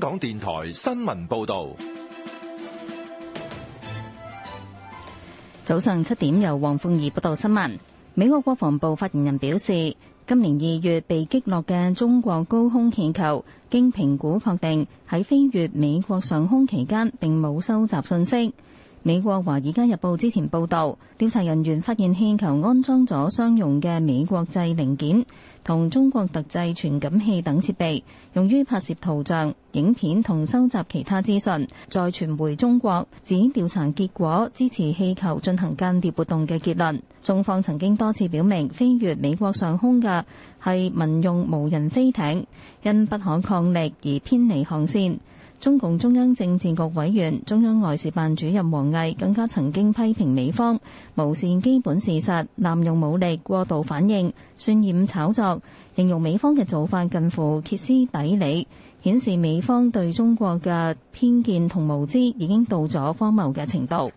香港電台新聞報道：早上七點，由黃鳳儀報道新聞。美國國防部發言人表示，今年二月被擊落嘅中國高空氣球，經評估確定喺飛越美國上空期間，並冇收集信息。美國華爾街日報之前報道，調查人員發現氣球安裝咗商用嘅美國製零件同中國特製傳感器等設備，用於拍攝圖像、影片同收集其他資訊，再傳回中國。指調查結果支持氣球進行間諜活動嘅結論。中方曾經多次表明，飛越美國上空嘅係民用無人飛艇，因不可抗力而偏離航線。中共中央政治局委員、中央外事辦主任王毅更加曾經批評美方無視基本事實，濫用武力、過度反應，渲染炒作，形容美方嘅做法近乎歇斯底裏，顯示美方對中國嘅偏見同無知已經到咗荒謬嘅程度。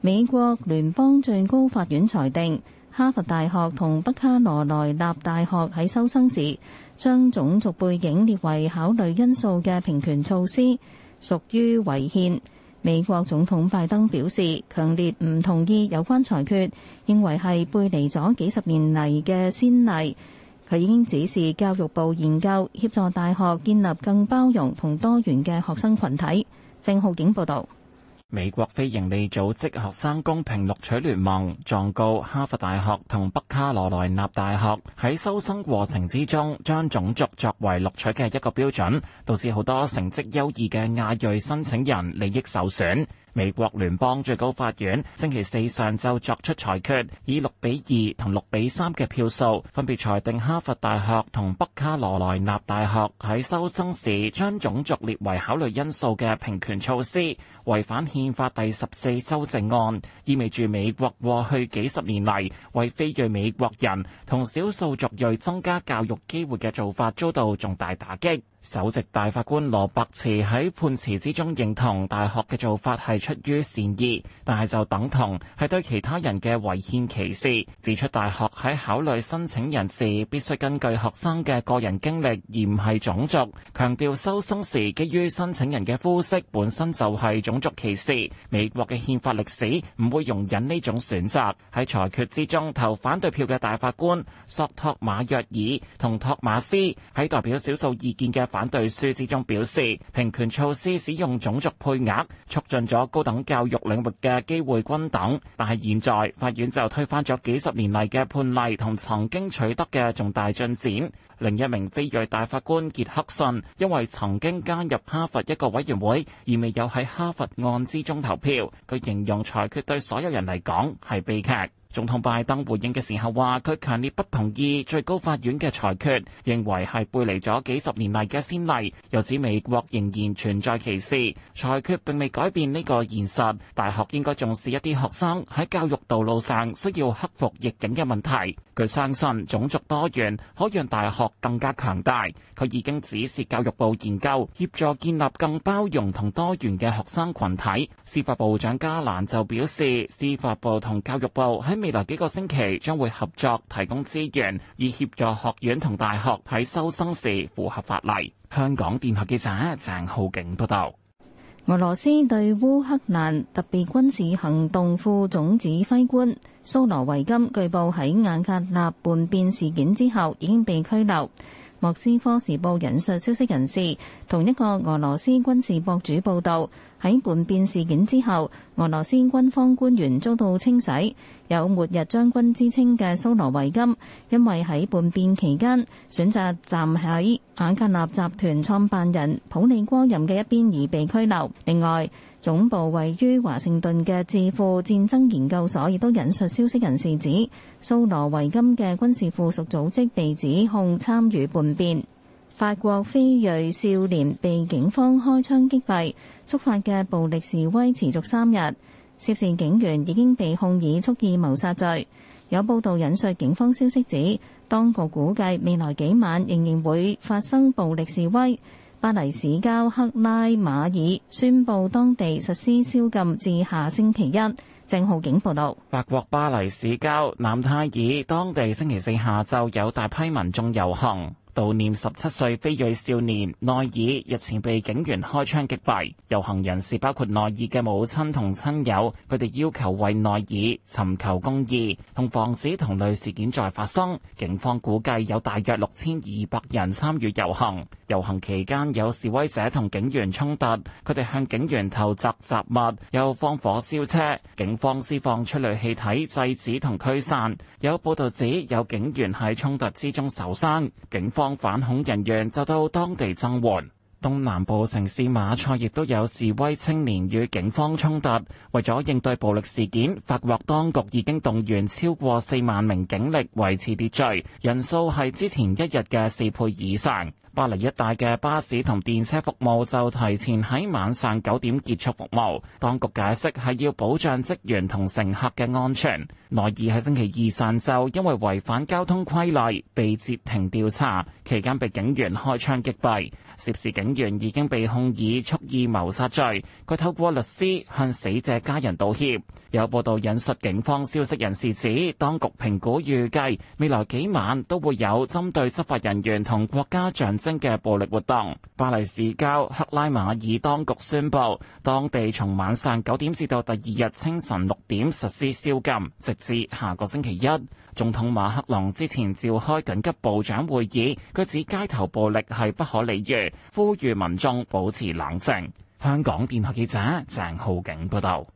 美國聯邦最高法院裁定，哈佛大學同北卡羅來納大學喺收生時將種族背景列為考慮因素嘅平權措施屬於違憲。美國總統拜登表示強烈唔同意有關裁決，認為係背離咗幾十年嚟嘅先例。佢已經指示教育部研究協助大學建立更包容同多元嘅學生群體。鄭浩景報道。美國非營利組織學生公平錄取聯盟狀告哈佛大學同北卡羅來納大學喺收生過程之中將種族作為錄取嘅一個標準，導致好多成績優異嘅亞裔申請人利益受損。美國聯邦最高法院星期四上晝作出裁決，以六比二同六比三嘅票數分別裁定哈佛大學同北卡羅來納大學喺收生時將種族列為考慮因素嘅平權措施違反憲法第十四修正案，意味住美國過去幾十年嚟為非裔美國人同少數族裔增加教育機會嘅做法遭到重大打擊。首席大法官羅伯茨喺判詞之中認同大學嘅做法係出於善意，但係就等同係對其他人嘅違憲歧視。指出大學喺考慮申請人時必須根據學生嘅個人經歷而唔係種族，強調收生時基於申請人嘅膚色本身就係種族歧視。美國嘅憲法歷史唔會容忍呢種選擇，喺裁決之中投反對票嘅大法官索托馬約爾同托馬斯喺代表少數意見嘅。反對書之中表示，平權措施使用種族配額，促進咗高等教育領域嘅機會均等。但係現在，法院就推翻咗幾十年嚟嘅判例同曾經取得嘅重大進展。另一名非裔大法官傑克遜，因為曾經加入哈佛一個委員會而未有喺哈佛案之中投票。佢形容裁決對所有人嚟講係悲劇。總統拜登回應嘅時候話，佢強烈不同意最高法院嘅裁決，認為係背離咗幾十年嚟嘅先例，又指美國仍然存在歧視，裁決並未改變呢個現實。大學應該重視一啲學生喺教育道路上需要克服逆境嘅問題。佢相信種族多元可讓大學更加強大。佢已經指示教育部研究協助建立更包容同多元嘅學生群體。司法部長加蘭就表示，司法部同教育部喺未來幾個星期將會合作提供資源，以協助學院同大學喺收生時符合法例。香港電台記者鄭浩景報道。俄羅斯對烏克蘭特別軍事行動副總指揮官蘇羅維金，據報喺瓦格納叛變事件之後，已經被拘留。莫斯科時報引述消息人士，同一個俄羅斯軍事博主報導，喺叛變事件之後，俄羅斯軍方官員遭到清洗，有末日將軍之稱嘅蘇羅維金，因為喺叛變期間選擇站喺瓦格納集團創辦人普利戈任嘅一邊而被拘留。另外，總部位於華盛頓嘅智庫戰爭研究所亦都引述消息人士指，蘇羅維金嘅軍事附屬組織被指控參與叛變。法國非裔少年被警方開槍擊斃，觸發嘅暴力示威持續三日。涉事警員已經被控以蓄意謀殺罪。有報道引述警方消息指，當局估計未來幾晚仍然會發生暴力示威。巴黎市郊克拉馬爾宣布當地實施宵禁至下星期一。鄭浩景報道，法國巴黎市郊南泰爾當地星期四下晝有大批民眾遊行。悼念十七歲非裔少年內爾日前被警員開槍擊斃，遊行人士包括內爾嘅母親同親友，佢哋要求為內爾尋求公義，同防止同類事件再發生。警方估計有大約六千二百人參與遊行，遊行期間有示威者同警員衝突，佢哋向警員投擲雜物，又放火燒車，警方施放催淚氣體制止同驅散。有報道指有警員喺衝突之中受傷，警方。反恐人員就到當地增援。東南部城市馬賽亦都有示威青年與警方衝突。為咗應對暴力事件，法國當局已經動員超過四萬名警力維持秩序，人數係之前一日嘅四倍以上。巴黎一帶嘅巴士同電車服務就提前喺晚上九點結束服務。當局解釋係要保障職員同乘客嘅安全。奈爾喺星期二上晝因為違反交通規例被截停調查，期間被警員開槍擊斃。涉事警員已經被控以蓄意謀殺罪。佢透過律師向死者家人道歉。有報道引述警方消息人士指，當局評估預計未來幾晚都會有針對執法人員同國家象嘅暴力活動，巴黎市郊克拉馬爾當局宣布，當地從晚上九點至到第二日清晨六點實施宵禁，直至下個星期一。總統馬克龍之前召開緊急部長會議，佢指街頭暴力係不可理喻，呼籲民眾保持冷靜。香港電台記者鄭浩景報道。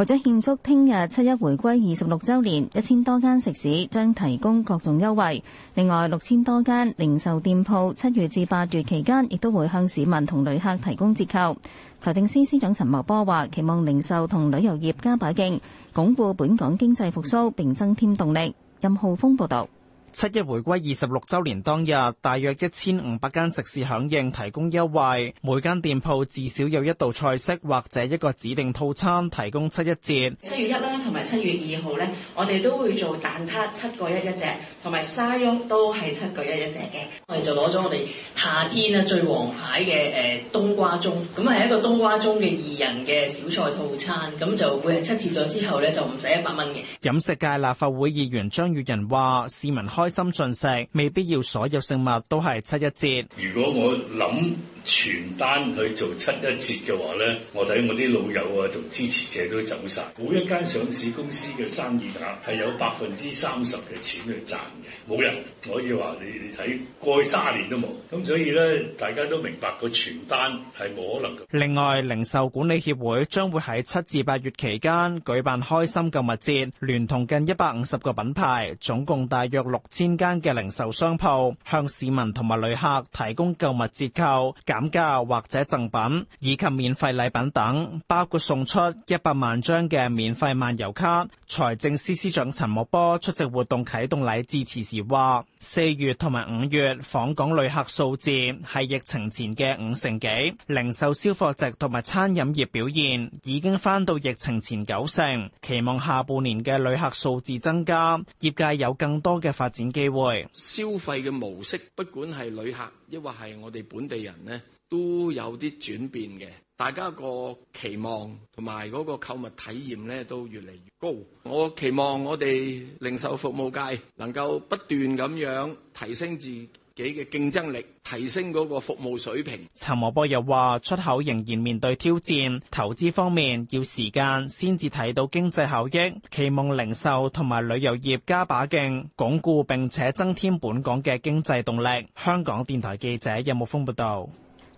為咗慶祝聽日七一回歸二十六周年，一千多間食肆將提供各種優惠。另外，六千多間零售店鋪，七月至八月期間亦都會向市民同旅客提供折扣。財政司司長陳茂波話：期望零售同旅遊業加把勁，鞏固本港經濟復蘇，並增添動力。任浩峰報道。七一回歸二十六周年當日，大約一千五百間食肆響應提供優惠，每間店鋪至少有一道菜式或者一個指定套餐提供七一折。七月一啦，同埋七月二號咧，我哋都會做蛋撻七個一一隻，同埋沙翁都係七個一一隻嘅。我哋就攞咗我哋夏天啦最王牌嘅誒冬瓜盅，咁係一個冬瓜盅嘅二人嘅小菜套餐，咁就會係七折咗之後咧就唔使一百蚊嘅。飲食界立法會議員張宇人話：市民開心進食，未必要所有食物都係七一節。如果我諗，全單去做七一折嘅話呢，我睇我啲老友啊同支持者都走曬。每一間上市公司嘅生意額係有百分之三十嘅錢去賺嘅，冇人可以話你，你睇過去三十年都冇。咁所以呢，大家都明白個全單係冇可能。另外，零售管理協會將會喺七至八月期間舉辦開心購物節，聯同近一百五十個品牌，總共大約六千間嘅零售商鋪，向市民同埋旅客提供購物折扣。減價或者贈品，以及免費禮品等，包括送出一百萬張嘅免費漫遊卡。財政司司長陳茂波出席活動啟動禮致辭時話，四月同埋五月訪港旅客數字係疫情前嘅五成幾，零售、銷貨值同埋餐飲業表現已經返到疫情前九成。期望下半年嘅旅客數字增加，業界有更多嘅發展機會。消費嘅模式，不管係旅客抑或係我哋本地人呢，都有啲轉變嘅，大家個期望同埋嗰個購物體驗呢都越嚟越高。我期望我哋零售服務界能夠不斷咁樣提升自己嘅競爭力，提升嗰個服務水平。陳茂波又話：出口仍然面對挑戰，投資方面要時間先至睇到經濟效益。期望零售同埋旅遊業加把勁，鞏固並且增添本港嘅經濟動力。香港電台記者任木峯報導。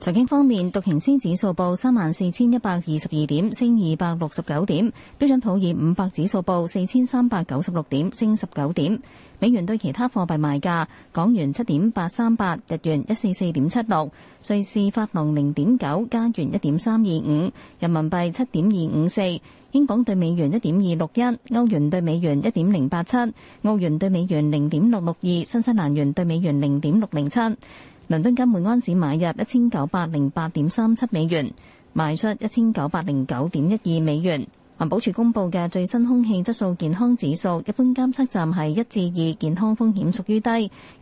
財經方面，道瓊斯指數報三萬四千一百二十二點，升二百六十九點；標準普爾五百指數報四千三百九十六點，升十九點。美元對其他貨幣賣價：港元七點八三八，日元一四四點七六，瑞士法郎零點九，加元一點三二五，人民幣七點二五四，英鎊對美元一點二六一，歐元對美元一點零八七，澳元對美元零點六六二，新西蘭元對美元零點六零七。倫敦金每安士買入一千九百零八點三七美元，賣出一千九百零九點一二美元。環保署公布嘅最新空氣質素健康指數，一般監測站係一至二，健康風險屬於低；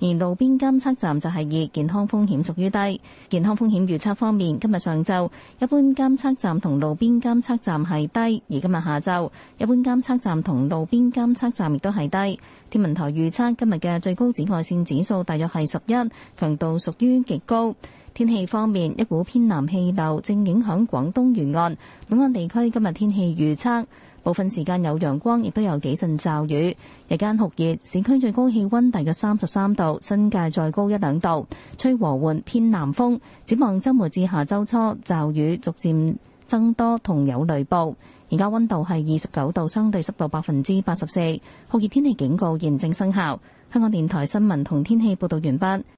而路邊監測站就係二，健康風險屬於低。健康風險預測方面，今日上晝一般監測站同路邊監測站係低，而今日下晝一般監測站同路邊監測站亦都係低。天文台預測今日嘅最高紫外線指數大約係十一，強度屬於極高。天氣方面，一股偏南氣流正影響廣東沿岸。本港地區今日天氣預測，部分時間有陽光，亦都有幾陣驟雨。日間酷熱，市區最高氣溫大約三十三度，新界再高一兩度，吹和緩偏南風。展望周末至下周初，驟雨逐漸增多同有雷暴。而家温度係二十九度，相對濕度百分之八十四，酷熱天氣警告現正生效。香港電台新聞同天氣報道完畢。